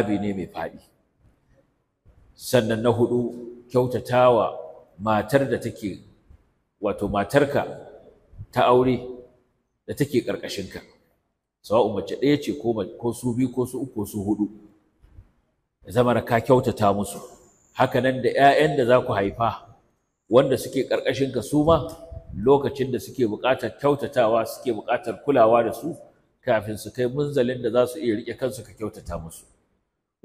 babi ne mai faɗi sannan na hudu kyautatawa matar da take wato matarka ta aure da take ƙarƙashinka sawa'u mace ɗaya ce ko su biyu ko su uku ko su hudu da ka kyautata musu haka nan da 'ya'yan da za ku haifa wanda suke ƙarƙashinka su ma lokacin da suke buƙatar kyautatawa suke buƙatar kulawa da su kafin su kai munzalin da za su iya riƙe kansu ka kyautata musu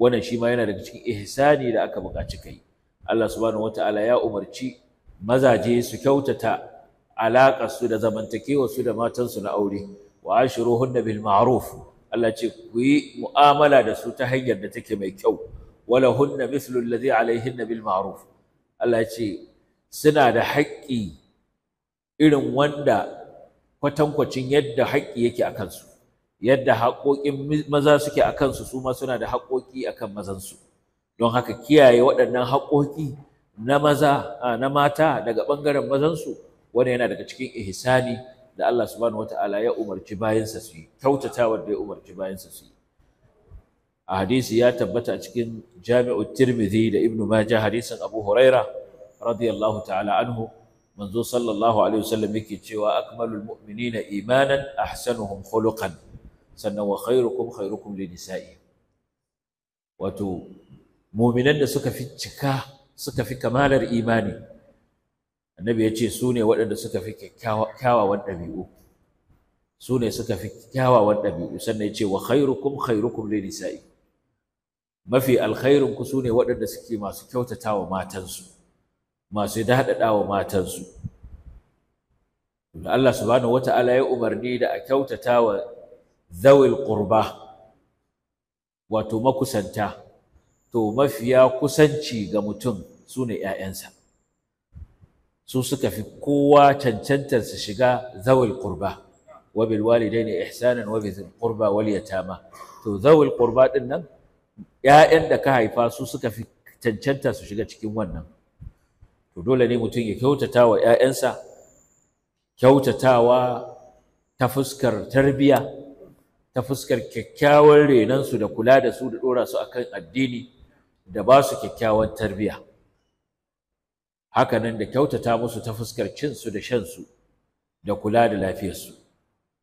wannan shi ma yana daga cikin ihsani da aka buƙaci kai Allah subhanahu wataala ya umarci mazaje su kyautata alaƙar su da zamantakewa su da matansu na aure wa ashiruhunna bil ma'ruf Allah ce ku yi mu'amala da su ta hanyar da take mai kyau wala hunna mithlu alladhi alaihinna bil ma'ruf Allah ce suna da haƙƙi irin wanda kwatankwacin yadda haƙƙi yake a kansu yadda haƙoƙin maza suke a kansu su ma suna da haƙoƙi a kan mazansu don haka kiyaye waɗannan haƙoƙi na maza na mata daga ɓangaren mazansu wani yana daga cikin ihsani da Allah subhanahu ta'ala ya umarci bayansa su yi kyautatawar da ya umarci bayansa su yi a hadisi ya tabbata a cikin jami'u tirmidhi da ibnu majah hadisin abu huraira radiyallahu ta'ala anhu manzo sallallahu alaihi wasallam yake cewa akmalul mu'minina imanan ahsanuhum khuluqan sannan wa khairukum khairukum li nisa'i wato mu'minan da suka fi cika suka fi kamalar imani annabi ya ce su ne waɗanda suka fi kyawawan ɗabi'u su ne suka fi kyawawan ɗabi'u sannan ya ce wa khairukum khairukum li nisa'i mafi alkhairin ku su ne waɗanda suke masu kyautata wa matansu masu daɗaɗa wa matansu Allah subhanahu wata'ala ya umarni da a kyautata wa zawil ƙurba wato makusanta to mafiya kusanci ga mutum su ne ‘ya'yansa su suka fi kowa cancantar su shiga zawil ƙurba. wa bil walidaini ihsanan wa ƙurba wal yatama to zawil ƙurba din nan ‘ya'yan da ka haifa su suka fi cancanta su shiga cikin wannan to dole ne mutum ya kyautata wa ‘ya'yansa kyautatawa ta fuskar tarbiyya ta fuskar kyakkyawan renansu da kula da su da ɗora su akan addini da ba su kyakkyawan tarbiyya hakanan da kyautata musu ta fuskar cinsu da shansu da kula da lafiyarsu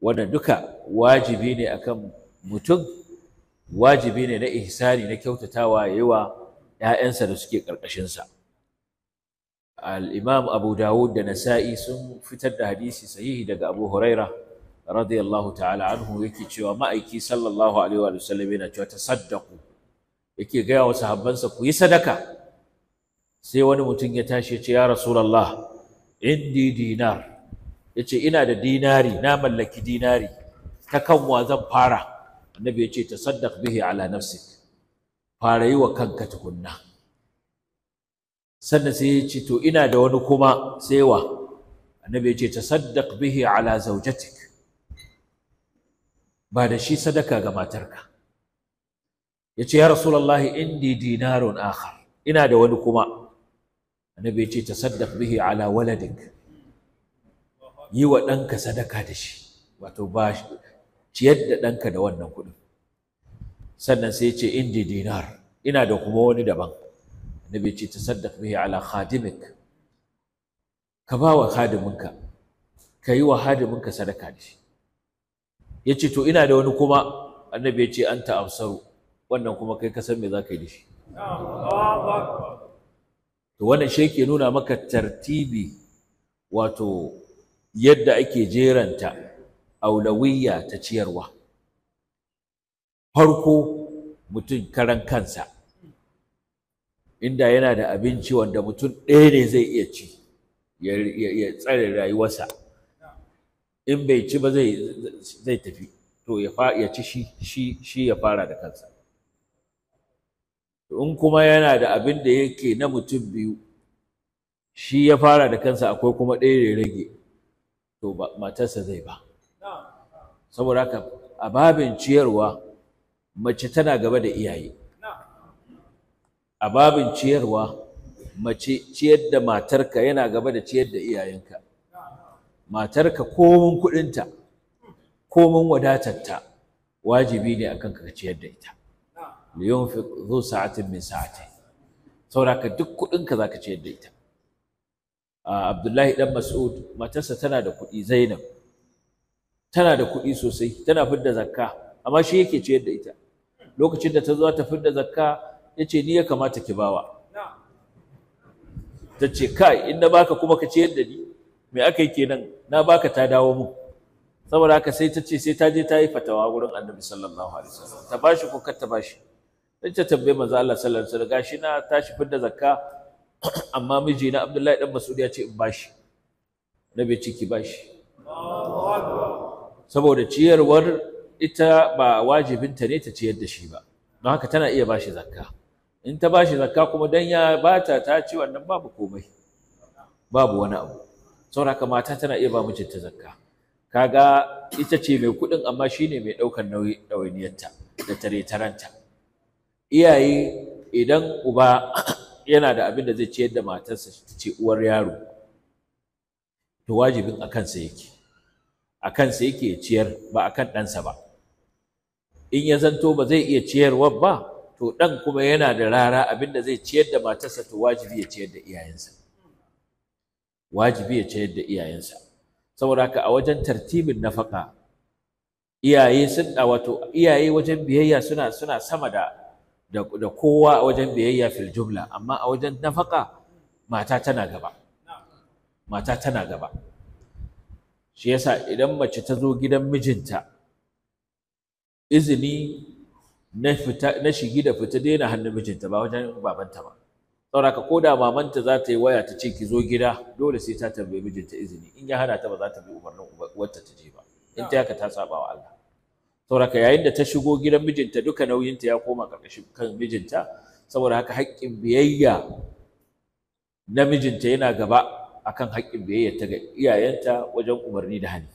wannan duka wajibi ne akan mutum wajibi ne na ihsani na kyautatawa yawa ‘ya'yansa da suke ƙarƙashinsa. Al'imam Abu Dawud da Nasa'i sun fitar da hadisi sahihi daga Abu Huraira radiyallahu ta'ala anhu yake cewa ma'aiki sallallahu alaihi wa sallam yana cewa tasaddaqu yake gaya wa sahabbansa ku yi sadaka sai wani mutum ya tashi ya ce ya rasulullah indi dinar yace ina da dinari na mallaki dinari ta wa zan fara annabi yace tasaddaq bihi ala nafsik fara yi wa kanka tukunna sannan sai ya ce to ina da wani kuma sai wa annabi yace tasaddaq bihi ala zawjatik ba da shi sadaka ga matarka ya ce ya rasulallah indi dinarun akhar ina da wani kuma annabi ya ce tasaddaq bihi ala waladik yi wa ɗanka sadaka da shi wato ba ciyar da ɗanka da wannan kuɗin sannan sai ya ce indi dinar ina da kuma wani daban annabi ya ce tasaddaq bihi ala khadimik ka ba wa khadiminka ka yi wa khadiminka sadaka da shi ya ce to ina da wani kuma annabi ya ce an ta'amsaru wannan kuma kai ka san me za ka yi da shi to wannan shi yake nuna maka tartibi wato yadda ake jeranta aulawiyya ta ciyarwa farko mutum karan kansa inda yana da abinci wanda mutum ɗaya ne zai iya ci ya tsare rayuwarsa in bai ci ba zai tafi to ya ci shi ya fara da kansa in kuma yana da abin da yake na mutum biyu shi ya fara da kansa akwai kuma ɗaya da rage to matarsa zai ba saboda haka a babin ciyarwa mace tana gaba da iyaye a babin ciyarwa mace ciyar da matarka yana gaba da ciyar da iyayenka matarka komin kuɗinta komin wadatarta wajibi ne akan ka ciyar da ita yunfiq zu sa'atin min sa'ati saboda duk kuɗinka zaka ciyar da ita Abdullahi dan Mas'ud matarsa tana da kuɗi Zainab tana da kuɗi sosai tana fidda zakka amma shi yake ciyar da ita lokacin da ta zo ta fidda zakka yace ni ya kamata ki bawa ta ce kai in na baka kuma ka ciyar da ni me aka yi kenan na baka ta dawo mu saboda haka sai ta ce sai ta je ta yi fatawa wurin annabi sallallahu alaihi wasallam ta bashi ko kar ta bashi sai ta tambaye manzo Allah sallallahu alaihi wasallam gashi na tashi fidda zakka amma miji na Abdullahi dan Mas'ud ya ce in bashi nabi ce ki bashi saboda ciyarwar ita ba wajibinta ne ta ciyar da shi ba don haka tana iya bashi zakka in ta bashi zakka kuma dan ya bata ta ce wannan babu komai babu wani abu saboda haka mata tana iya ba mijinta zakka kaga ita ce mai kuɗin amma shine mai ɗaukar nauyi ɗawainiyarta da tare-tarenta iyaye idan uba yana da abin da zai ciyar da matarsa ce uwar yaro to wajibin a kansa yake a kansa yake ya ciyar ba a kan ɗansa ba in ya zanto ba zai iya ciyarwa ba to ɗan kuma yana da rara abin da zai ciyar da matarsa to wajibi ya ciyar da iyayensa wajibi ya ciyar da iyayensa saboda haka a wajen tartibin nafaka iyaye sun wato iyaye wajen biyayya suna suna sama da da kowa a wajen biyayya fil jumla amma a wajen nafaka mata tana gaba mata tana gaba shi yasa idan mace ta zo gidan mijinta izini na fita na shigi da fita daina hannun mijinta ba wajen babanta ba saboda ka koda mamanta za ta yi waya ta ce ki zo gida dole sai ta tambayi mijinta izini in ya hana ta ba za ta bi umarnin uwarta ta je ba in ta haka ta saba wa Allah saboda ka yayin da ta shigo gidan mijinta duka nauyinta ya koma karkashin kan mijinta saboda haka haƙƙin biyayya na mijinta yana gaba akan haƙƙin biyayya ta ga iyayenta wajen umarni da hani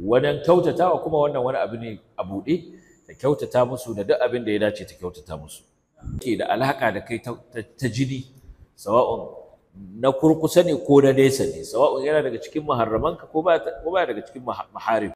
wannan kyautatawa kuma wannan wani abu ne a buɗe ta kyautata musu da duk abin da ya dace ta kyautata musu ke da alaƙa da kai ta jini sawa'un na kurkusa ne ko na nesa ne sawa'un yana daga cikin muharramanka ko ba daga cikin maharin.